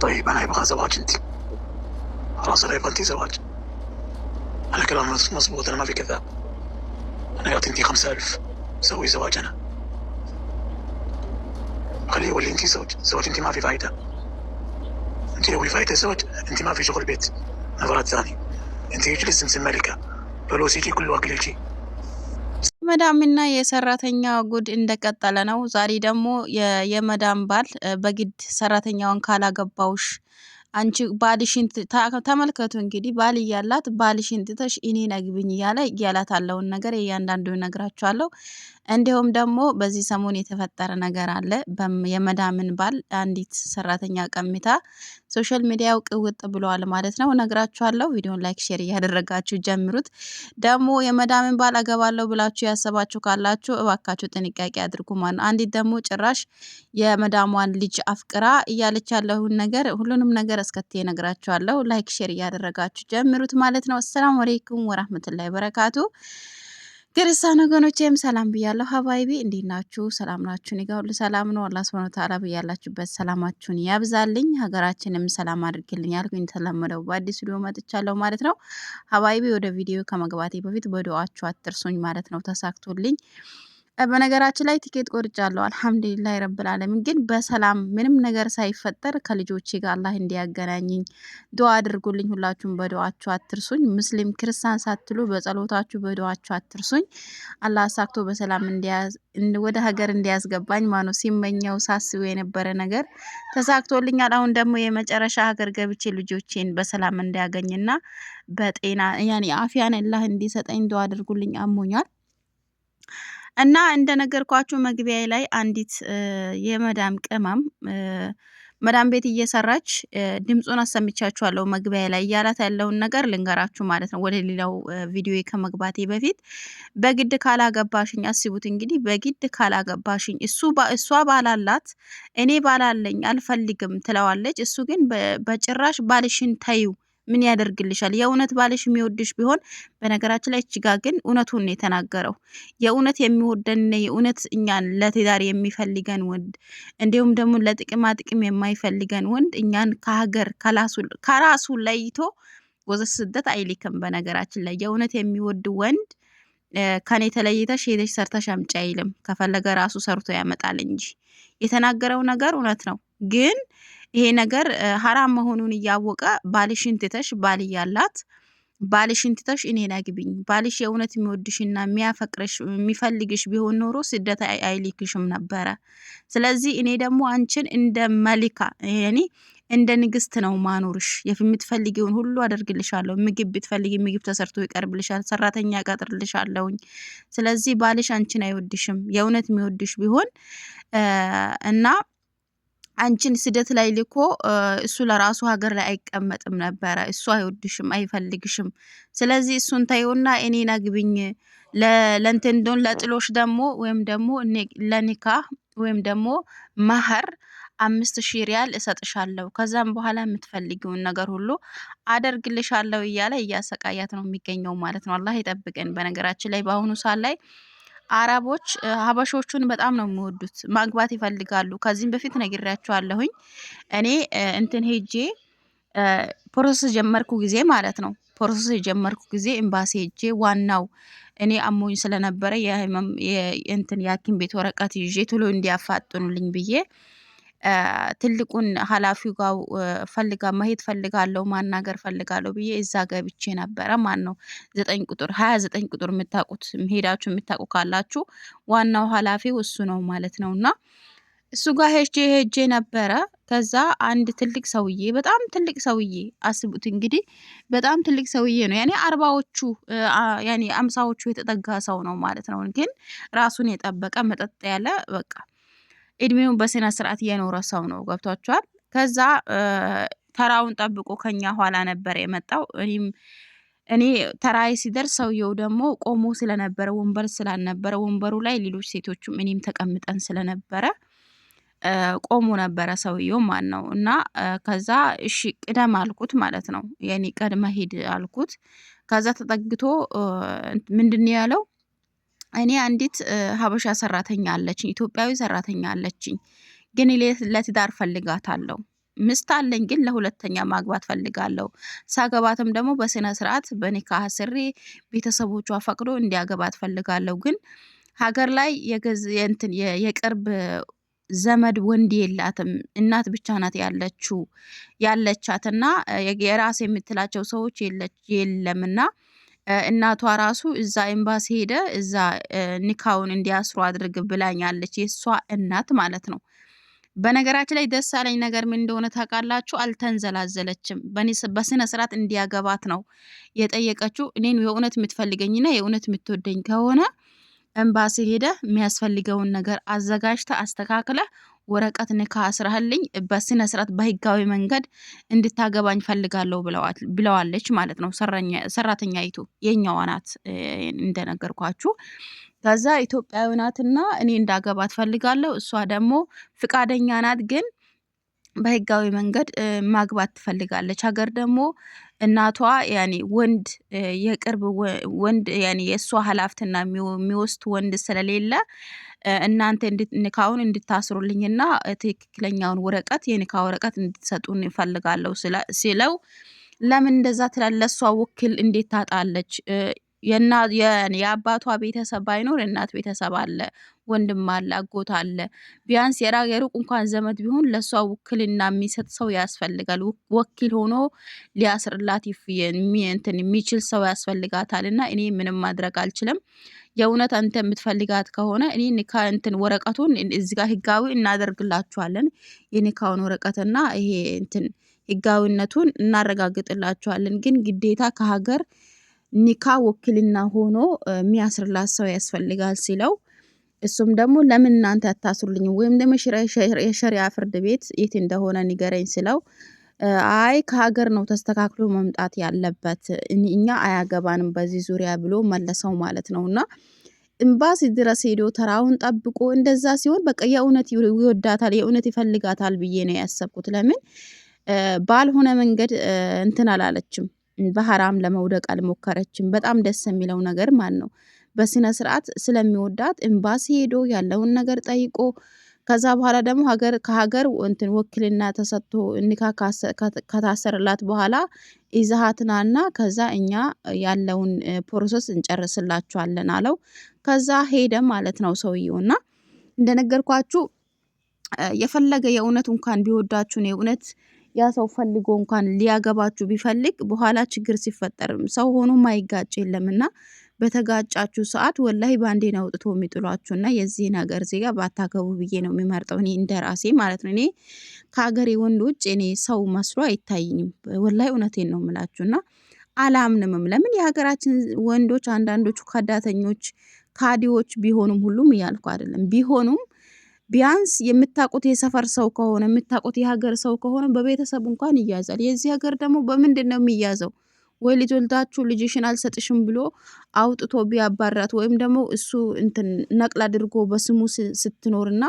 طيب انا ابغى زواج انت خلاص انا يبغى انت زواج انا كلامي مظبوط انا ما في كذاب انا يعطي انت خمسة الف سوي زواج انا خليه يولي انت زوج زواج انت ما في فايدة انت لو فايدة زوج انت ما في شغل بيت نظرات ثاني انت يجلس انت ملكة فلوس يجي كل واكل يجي የመዳምና የሰራተኛ ጉድ እንደቀጠለ ነው። ዛሬ ደግሞ የመዳም ባል በግድ ሰራተኛውን ካላገባውሽ አንቺ ባልሽን ተመልከቱ። እንግዲህ ባል እያላት ባልሽን ትተሽ እኔን አግብኝ እያለ እያላት አለውን ነገር እያንዳንዱ ነግራችኋለሁ። እንዲሁም ደግሞ በዚህ ሰሞን የተፈጠረ ነገር አለ። የመዳምን ባል አንዲት ሰራተኛ ቀሚታ ሶሻል ሚዲያው ቅውጥ ብለዋል ማለት ነው። ነግራችኋለሁ። ቪዲዮን ላይክ፣ ሼር እያደረጋችሁ ጀምሩት። ደግሞ የመዳምን ባል አገባለሁ ብላችሁ ያሰባችሁ ካላችሁ እባካችሁ ጥንቃቄ አድርጉ። ነው። አንዲት ደግሞ ጭራሽ የመዳሟን ልጅ አፍቅራ እያለች ያለሁን ነገር ሁሉንም ነገር እስከቴ ነግራችኋለሁ። ላይክ፣ ሼር እያደረጋችሁ ጀምሩት ማለት ነው። አሰላሙ አሌይኩም ወራህመቱላይ በረካቱ ክርስቲያን ወገኖቼም ሰላም ብያለሁ። ሀባይቢ እንዴት ናችሁ? ሰላም ናችሁ? እኔ ጋር ሁሉ ሰላም ነው። አላህ ሱብሐነሁ ወተዓላ ብያላችሁበት ሰላማችሁን ያብዛልኝ፣ ሀገራችንም ሰላም አድርግልኝ ያልኩ እንደተለመደው በአዲስ ቪዲዮ መጥቻለሁ ማለት ነው። ሀባይቢ ወደ ቪዲዮ ከመግባቴ በፊት በዱዓችሁ አትርሱኝ ማለት ነው። ተሳክቶልኝ በነገራችን ላይ ቲኬት ቆርጫለሁ። አልሐምዱሊላህ ረብል ዓለሚን ግን በሰላም ምንም ነገር ሳይፈጠር ከልጆቼ ጋር አላህ እንዲያገናኘኝ ዱዓ አድርጉልኝ። ሁላችሁም በዱዓችሁ አትርሱኝ። ሙስሊም ክርስቲያን ሳትሉ በጸሎታችሁ በዱዓችሁ አትርሱኝ። አላህ አሳክቶ በሰላም ወደ ሀገር እንዲያስገባኝ ማኖ ሲመኘው ሳስቡ የነበረ ነገር ተሳክቶልኛል። አሁን ደግሞ የመጨረሻ ሀገር ገብቼ ልጆቼን በሰላም እንዲያገኝና በጤና ያኔ አፊያን አላህ እንዲሰጠኝ ዱዓ አድርጉልኝ። አሞኛል። እና እንደነገርኳችሁ መግቢያ ላይ አንዲት የመዳም ቅመም መዳም ቤት እየሰራች ድምፁን አሰምቻችኋለሁ። መግቢያ ላይ እያላት ያለውን ነገር ልንገራችሁ ማለት ነው። ወደ ሌላው ቪዲዮ ከመግባቴ በፊት በግድ ካላገባሽኝ፣ አስቡት እንግዲህ በግድ ካላገባሽኝ፣ እሱ እሷ ባላላት እኔ ባላለኝ አልፈልግም ትለዋለች። እሱ ግን በጭራሽ ባልሽን ተይው ምን ያደርግልሻል? የእውነት ባልሽ የሚወድሽ ቢሆን በነገራችን ላይ እችጋ ግን እውነቱን ነው የተናገረው። የእውነት የሚወደን የእውነት እኛን ለትዳር የሚፈልገን ወንድ እንዲሁም ደግሞ ለጥቅማ ጥቅም የማይፈልገን ወንድ እኛን ከሀገር ከራሱ ለይቶ ወዘ ስደት አይልክም። በነገራችን ላይ የእውነት የሚወድ ወንድ ከኔ ተለይተሽ ሄደሽ ሰርተሽ አምጪ አይልም። ከፈለገ ራሱ ሰርቶ ያመጣል እንጂ የተናገረው ነገር እውነት ነው ግን ይሄ ነገር ሀራም መሆኑን እያወቀ ባልሽን ትተሽ ባል ያላት ባልሽን ትተሽ እኔን አግቢኝ፣ ባልሽ የእውነት የሚወድሽና የሚያፈቅርሽ የሚፈልግሽ ቢሆን ኖሮ ስደት አይልክሽም ነበረ። ስለዚህ እኔ ደግሞ አንቺን እንደ መሊካ ያኔ እንደ ንግስት ነው ማኖርሽ። የምትፈልጊውን ሁሉ አደርግልሻለሁ። ምግብ ብትፈልጊ ምግብ ተሰርቶ ይቀርብልሻል። ሰራተኛ እቀጥርልሻለሁኝ። ስለዚህ ባልሽ አንቺን አይወድሽም። የእውነት የሚወድሽ ቢሆን እና አንቺን ስደት ላይ ልኮ እሱ ለራሱ ሀገር ላይ አይቀመጥም ነበረ። እሱ አይወድሽም፣ አይፈልግሽም። ስለዚህ እሱን ታየውና እኔ ነግብኝ ለንትንዶን ለጥሎሽ ደግሞ ወይም ደግሞ ለኒካ ወይም ደግሞ መህር አምስት ሺህ ሪያል እሰጥሻለሁ ከዛም በኋላ የምትፈልጊውን ነገር ሁሉ አደርግልሻለሁ እያለ እያሰቃያት ነው የሚገኘው ማለት ነው። አላህ ይጠብቀን። በነገራችን ላይ በአሁኑ ሰዓት ላይ አረቦች ሀበሾቹን በጣም ነው የሚወዱት፣ ማግባት ይፈልጋሉ። ከዚህም በፊት ነግሬያቸዋለሁኝ። እኔ እንትን ሄጄ ፕሮሰስ የጀመርኩ ጊዜ ማለት ነው። ፕሮሰስ የጀመርኩ ጊዜ ኤምባሲ ሄጄ ዋናው እኔ አሞኝ ስለነበረ እንትን የሐኪም ቤት ወረቀት ይዤ ቶሎ እንዲያፋጥኑልኝ ብዬ ትልቁን ኃላፊው ጋር ፈልጋ መሄድ ፈልጋለሁ ማናገር ፈልጋለሁ ብዬ እዛ ገብቼ ነበረ። ማን ነው ዘጠኝ ቁጥር ሀያ ዘጠኝ ቁጥር የምታውቁት ሄዳችሁ የምታውቁ ካላችሁ ዋናው ኃላፊው እሱ ነው ማለት ነው እና እሱ ጋር ሄጄ ሄጄ ነበረ። ከዛ አንድ ትልቅ ሰውዬ በጣም ትልቅ ሰውዬ አስቡት እንግዲህ በጣም ትልቅ ሰውዬ ነው ያኔ አርባዎቹ ያኔ አምሳዎቹ የተጠጋ ሰው ነው ማለት ነው። ግን ራሱን የጠበቀ መጠጥ ያለ በቃ እድሜውን በስነ ስርዓት እየኖረ ሰው ነው። ገብቷችኋል? ከዛ ተራውን ጠብቆ ከኛ ኋላ ነበር የመጣው። እኔም እኔ ተራዬ ሲደርስ ሰውየው ደግሞ ቆሞ ስለነበረ ወንበር ስላልነበረ ወንበሩ ላይ ሌሎች ሴቶቹም እኔም ተቀምጠን ስለነበረ ቆሞ ነበረ ሰውየው ማን ነው እና ከዛ እሺ ቅደም አልኩት ማለት ነው። የኔ ቀድመ ሄድ አልኩት። ከዛ ተጠግቶ ምንድን ያለው እኔ አንዲት ሀበሻ ሰራተኛ አለችኝ፣ ኢትዮጵያዊ ሰራተኛ አለችኝ። ግን ለትዳር ፈልጋታለሁ። ምስት አለኝ፣ ግን ለሁለተኛ ማግባት ፈልጋለሁ። ሳገባትም ደግሞ በስነ ስርዓት በኒካህ ስሬ ቤተሰቦቿ ፈቅዶ እንዲያገባት ፈልጋለሁ። ግን ሀገር ላይ የእንትን የቅርብ ዘመድ ወንድ የላትም። እናት ብቻ ናት ያለችው ያለቻትና የራስ የምትላቸው ሰዎች የለምና እናቷ ራሱ እዛ ኤምባሲ ሄደ እዛ ኒካውን እንዲያስሩ አድርግ ብላኛለች። የእሷ እናት ማለት ነው። በነገራችን ላይ ደስ ያለኝ ነገር ምን እንደሆነ ታውቃላችሁ? አልተንዘላዘለችም። በስነ ስርዓት እንዲያገባት ነው የጠየቀችው። እኔን የእውነት የምትፈልገኝና የእውነት የምትወደኝ ከሆነ ኤምባሲ ሄደ የሚያስፈልገውን ነገር አዘጋጅተ አስተካክለ ወረቀት ንካ አስራህልኝ በስነ ስርዓት በህጋዊ መንገድ እንድታገባኝ ፈልጋለሁ ብለዋለች ማለት ነው። ሰራተኛ ይቱ የኛዋ ናት እንደነገርኳችሁ። ከዛ ኢትዮጵያዊ ናትና እኔ እንዳገባ ትፈልጋለሁ። እሷ ደግሞ ፍቃደኛ ናት፣ ግን በህጋዊ መንገድ ማግባት ትፈልጋለች። ሀገር ደግሞ እናቷ ያኔ ወንድ የቅርብ ወንድ ያኔ የእሷ ኃላፊትና የሚወስድ ወንድ ስለሌለ እናንተ ንካውን እንድታስሩልኝና ትክክለኛውን ወረቀት የኒካ ወረቀት እንድትሰጡን ይፈልጋለሁ ሲለው ለምን እንደዛ ትላለ? እሷ ውክል እንዴት ታጣለች? የአባቷ ቤተሰብ ባይኖር የእናት ቤተሰብ አለ፣ ወንድም አለ፣ አጎት አለ። ቢያንስ የሩቅ እንኳን ዘመድ ቢሆን ለእሷ ውክልና የሚሰጥ ሰው ያስፈልጋል። ወኪል ሆኖ ሊያስርላት እንትን የሚችል ሰው ያስፈልጋታል። እና እኔ ምንም ማድረግ አልችልም። የእውነት አንተ የምትፈልጋት ከሆነ እኔ ኒካ እንትን ወረቀቱን እዚህ ጋር ህጋዊ እናደርግላችኋለን። የኒካውን ወረቀትና ይሄ እንትን ህጋዊነቱን እናረጋግጥላችኋለን። ግን ግዴታ ከሀገር ኒካ ውክልና ሆኖ የሚያስርላት ሰው ያስፈልጋል ሲለው እሱም ደግሞ ለምን እናንተ አታስሩልኝም ወይም ደግሞ የሸሪያ ፍርድ ቤት የት እንደሆነ ንገረኝ ስለው አይ ከሀገር ነው ተስተካክሎ መምጣት ያለበት እኛ አያገባንም በዚህ ዙሪያ ብሎ መለሰው ማለት ነው። እና እምባሲ ድረስ ሄዶ ተራውን ጠብቆ እንደዛ ሲሆን በቃ የእውነት ይወዳታል፣ የእውነት ይፈልጋታል ብዬ ነው ያሰብኩት። ለምን ባልሆነ መንገድ እንትን አላለችም። በሀራም ለመውደቅ አልሞከረችም። በጣም ደስ የሚለው ነገር ማን ነው በስነ ስርዓት ስለሚወዳት ኤምባሲ ሄዶ ያለውን ነገር ጠይቆ ከዛ በኋላ ደግሞ ሀገር ከሀገር እንትን ወክልና ተሰጥቶ ኒካ ከታሰረላት በኋላ ኢዛሃትናና ከዛ እኛ ያለውን ፕሮሰስ እንጨርስላችኋለን አለው። ከዛ ሄደ ማለት ነው ሰውየውና እንደነገርኳችሁ የፈለገ የእውነት እንኳን ቢወዳችሁን የእውነት ያ ሰው ፈልጎ እንኳን ሊያገባችሁ ቢፈልግ በኋላ ችግር ሲፈጠር ሰው ሆኖ ማይጋጭ የለም እና በተጋጫችሁ ሰዓት ወላሂ ባንዴን አውጥቶ የሚጥሏችሁ እና የዚህ ነገር ዜጋ ባታገቡ ብዬ ነው የሚመርጠው። እኔ እንደ ራሴ ማለት ነው። እኔ ከሀገሬ ወንድ ውጭ እኔ ሰው መስሎ አይታይኝም። ወላሂ እውነቴን ነው የምላችሁ እና አላምንምም። ለምን የሀገራችን ወንዶች አንዳንዶቹ ከዳተኞች፣ ካዲዎች ቢሆኑም ሁሉም እያልኩ አይደለም ቢሆኑም ቢያንስ የምታቁት የሰፈር ሰው ከሆነ የምታቁት የሀገር ሰው ከሆነ በቤተሰብ እንኳን ይያዛል። የዚህ ሀገር ደግሞ በምንድን ነው የሚያዘው? ወይ ልጅ ወልዳችሁ ልጅሽን አልሰጥሽም ብሎ አውጥቶ ቢያባራት ወይም ደግሞ እሱ እንትን ነቅል አድርጎ በስሙ ስትኖርና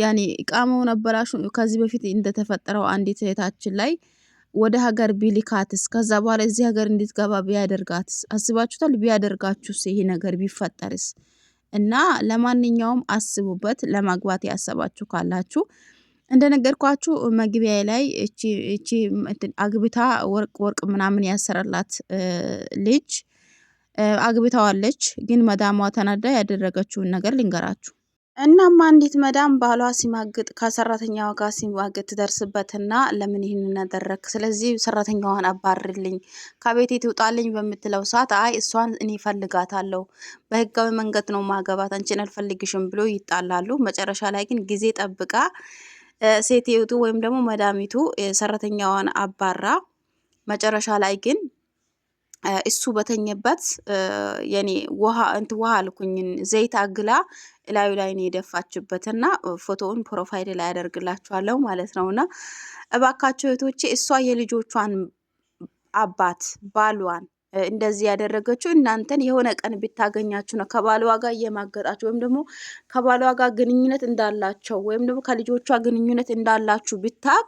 ያኔ እቃመው ነበራሹ ከዚህ በፊት እንደተፈጠረው አንዲት እህታችን ላይ ወደ ሀገር ቢልካትስ ከዛ በኋላ እዚህ ሀገር እንድትገባ ቢያደርጋትስ? አስባችሁታል? ቢያደርጋችሁስ? ይሄ ነገር ቢፈጠርስ? እና ለማንኛውም አስቡበት። ለማግባት ያሰባችሁ ካላችሁ እንደነገርኳችሁ መግቢያ ላይ እቺ አግብታ ወርቅ ወርቅ ምናምን ያሰረላት ልጅ አግብታዋለች። ግን መዳሟ ተናዳ ያደረገችውን ነገር ልንገራችሁ። እናም አንዲት መዳም ባሏ ሲማግጥ ከሰራተኛዋ ጋር ሲማግጥ ትደርስበትና ለምን ይህን አደረግ፣ ስለዚህ ሰራተኛዋን አባርልኝ፣ ከቤት ትውጣልኝ በምትለው ሰዓት አይ እሷን እኔ ፈልጋታለሁ፣ በህጋዊ መንገድ ነው ማገባት፣ አንቺን አልፈልግሽም ብሎ ይጣላሉ። መጨረሻ ላይ ግን ጊዜ ጠብቃ ሴትዮቱ ወይም ደግሞ መዳሚቱ ሰራተኛዋን አባራ መጨረሻ ላይ ግን እሱ በተኘበት የኔ ውሃ እንት ውሃ አልኩኝን ዘይት አግላ እላዩ ላይ ነው የደፋችበትና ፎቶውን ፕሮፋይል ላይ ያደርግላችኋለሁ ማለት ነውና እባካቸው እህቶቼ እሷ የልጆቿን አባት ባሏን እንደዚህ ያደረገችው እናንተን የሆነ ቀን ቢታገኛችሁ ነው። ከባሏ ጋር እየማገጣችሁ ወይም ደግሞ ከባሏ ጋር ግንኙነት እንዳላቸው ወይም ደግሞ ከልጆቿ ግንኙነት እንዳላችሁ ብታቅ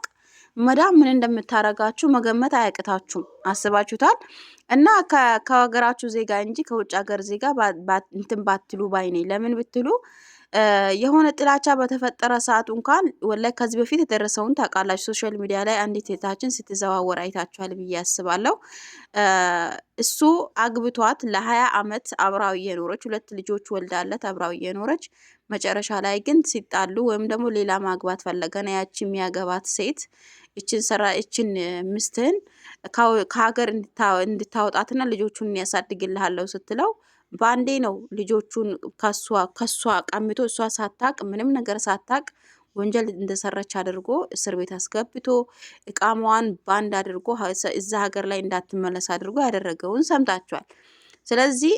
መዳም ምን እንደምታረጋችሁ መገመት አያቅታችሁም። አስባችሁታል። እና ከሀገራችሁ ዜጋ እንጂ ከውጭ ሀገር ዜጋ እንትን ባትሉ ባይኔ። ለምን ብትሉ የሆነ ጥላቻ በተፈጠረ ሰዓቱ እንኳን ወላይ ከዚህ በፊት የደረሰውን ታውቃላችሁ። ሶሻል ሚዲያ ላይ አንዲት እህታችን ስትዘዋወር አይታችኋል ብዬ አስባለሁ። እሱ አግብቷት ለሀያ አመት አብራው እየኖረች ሁለት ልጆች ወልዳለት አብራው እየኖረች መጨረሻ ላይ ግን ሲጣሉ ወይም ደግሞ ሌላ ማግባት ፈለገና ያቺ የሚያገባት ሴት እችን ሰራ እችን ምስትህን ከሀገር እንድታወጣትና ልጆቹን እንያሳድግልሃለሁ ስትለው በአንዴ ነው ልጆቹን ከሷ ቀምቶ እሷ ሳታቅ ምንም ነገር ሳታቅ ወንጀል እንደሰራች አድርጎ እስር ቤት አስገብቶ እቃማዋን ባንድ አድርጎ እዛ ሀገር ላይ እንዳትመለስ አድርጎ ያደረገውን ሰምታችኋል። ስለዚህ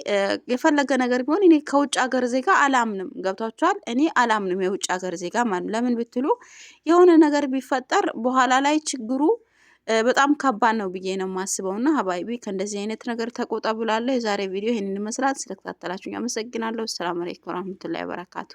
የፈለገ ነገር ቢሆን እኔ ከውጭ ሀገር ዜጋ አላምንም። ገብቷችኋል? እኔ አላምንም የውጭ ሀገር ዜጋ ማለት ለምን ብትሉ የሆነ ነገር ቢፈጠር በኋላ ላይ ችግሩ በጣም ከባድ ነው ብዬ ነው የማስበው። እና ሀባይቢ ከእንደዚህ አይነት ነገር ተቆጠብላለሁ። የዛሬ ቪዲዮ ይህንን ይመስላል። ስለተከታተላችሁ አመሰግናለሁ። ሰላም አለይኩም ወራህመቱላሂ ወበረካቱ።